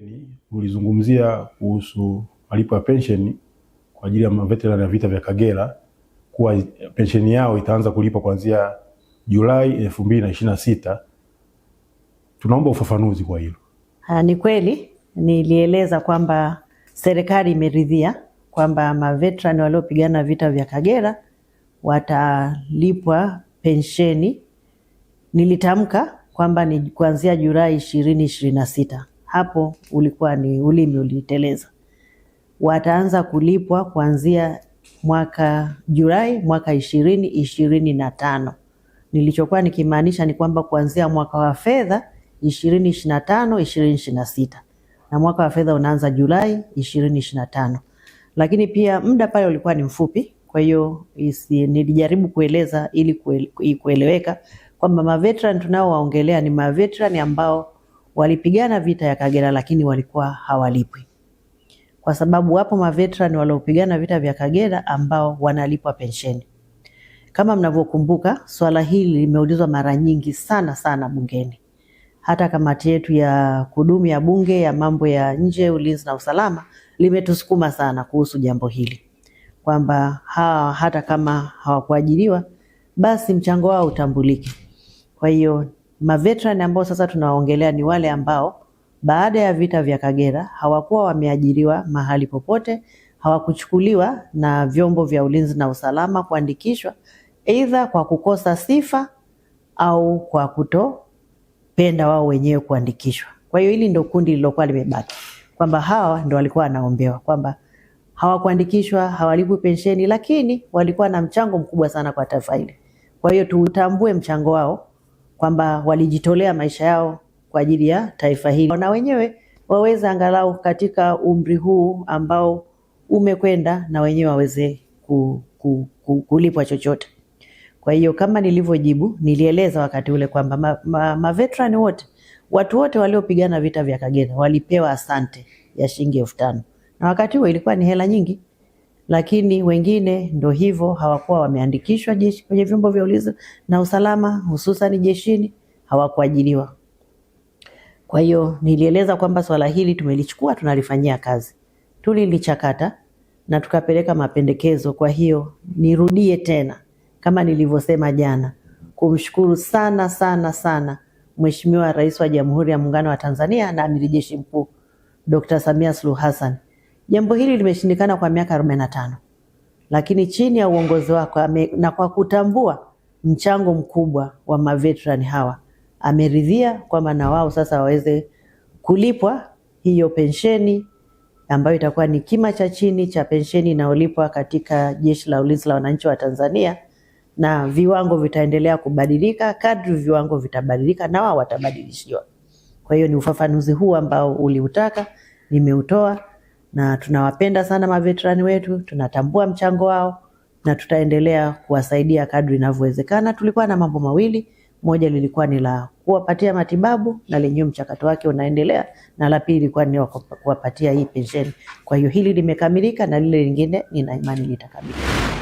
Ni ulizungumzia kuhusu malipo ya pensheni kwa ajili ya maveterani ya vita vya Kagera kuwa pensheni yao itaanza kulipwa kuanzia Julai elfu mbili na ishirini na sita. Tunaomba ufafanuzi kwa hilo. Ah, ni kweli nilieleza kwamba serikali imeridhia kwamba maveterani waliopigana vita vya Kagera watalipwa pensheni. Nilitamka kwamba ni kuanzia Julai ishirini ishirini na sita hapo ulikuwa ni ulimi uliteleza. Wataanza kulipwa kuanzia mwaka Julai mwaka ishirini ishirini na tano. Nilichokuwa nikimaanisha ni kwamba kuanzia mwaka wa fedha ishirini ishirini na tano ishirini ishirini na sita na mwaka wa fedha unaanza Julai ishirini ishirini na tano, lakini pia muda pale ulikuwa ni mfupi. Kwa hiyo nilijaribu kueleza ili kueleweka kwamba maveterani tunaowaongelea ni maveterani ambao walipigana vita ya Kagera lakini walikuwa hawalipwi, kwa sababu wapo maveterani waliopigana vita vya Kagera ambao wanalipwa pensheni. Kama mnavyokumbuka, swala hili limeulizwa mara nyingi sana sana bungeni. Hata kamati yetu ya kudumu ya bunge ya mambo ya nje, ulinzi na usalama limetusukuma sana kuhusu jambo hili kwamba hawa hata kama hawakuajiriwa basi mchango wao utambulike. Kwa hiyo maveteran ambao sasa tunawaongelea ni wale ambao baada ya vita vya Kagera hawakuwa wameajiriwa mahali popote, hawakuchukuliwa na vyombo vya ulinzi na usalama kuandikishwa, aidha kwa kukosa sifa au kwa kutopenda wao wenyewe kuandikishwa. Kwa hiyo hili ndio kundi lilokuwa limebaki, kwamba hawa ndio walikuwa wanaombewa kwamba hawakuandikishwa, hawalipwi pensheni, lakini walikuwa na mchango mkubwa sana kwa taifa hili. Kwa hiyo tutambue mchango wao kwamba walijitolea maisha yao kwa ajili ya taifa hili, na wenyewe waweze angalau katika umri huu ambao umekwenda, na wenyewe waweze ku, ku, ku, kulipwa chochote. Kwa hiyo kama nilivyojibu, nilieleza wakati ule kwamba maveterani ma, ma wote watu wote waliopigana vita vya Kagera walipewa asante ya shilingi elfu tano na wakati huo ilikuwa ni hela nyingi lakini wengine ndo hivyo hawakuwa wameandikishwa jeshi kwenye vyombo vya ulinzi na usalama, hususan jeshini hawakuajiriwa. Kwa hiyo nilieleza kwamba swala hili tumelichukua, tunalifanyia kazi, tulilichakata na tukapeleka mapendekezo. Kwa hiyo nirudie tena kama nilivyosema jana, kumshukuru sana sana sana Mheshimiwa Rais wa Jamhuri ya Muungano wa Tanzania na Amiri Jeshi Mkuu Dr. Samia Suluhu Hassan Jambo hili limeshindikana kwa miaka 45, lakini chini ya uongozi wako na kwa kutambua mchango mkubwa wa maveterani hawa ameridhia kwamba na wao sasa waweze kulipwa hiyo pensheni ambayo itakuwa ni kima cha chini cha pensheni inayolipwa katika Jeshi la Ulinzi la Wananchi wa Tanzania, na viwango vitaendelea kubadilika kadri viwango vitabadilika, na wao watabadilishiwa. Kwa hiyo ni ufafanuzi huu ambao uliutaka, nimeutoa na tunawapenda sana maveterani wetu, tunatambua mchango wao na tutaendelea kuwasaidia kadri inavyowezekana. Tulikuwa na mambo mawili, moja lilikuwa ni la kuwapatia matibabu na lenyewe mchakato wake unaendelea, na la pili ilikuwa ni kuwapatia hii pensheni. Kwa hiyo hili limekamilika na lile lingine nina imani litakamilika.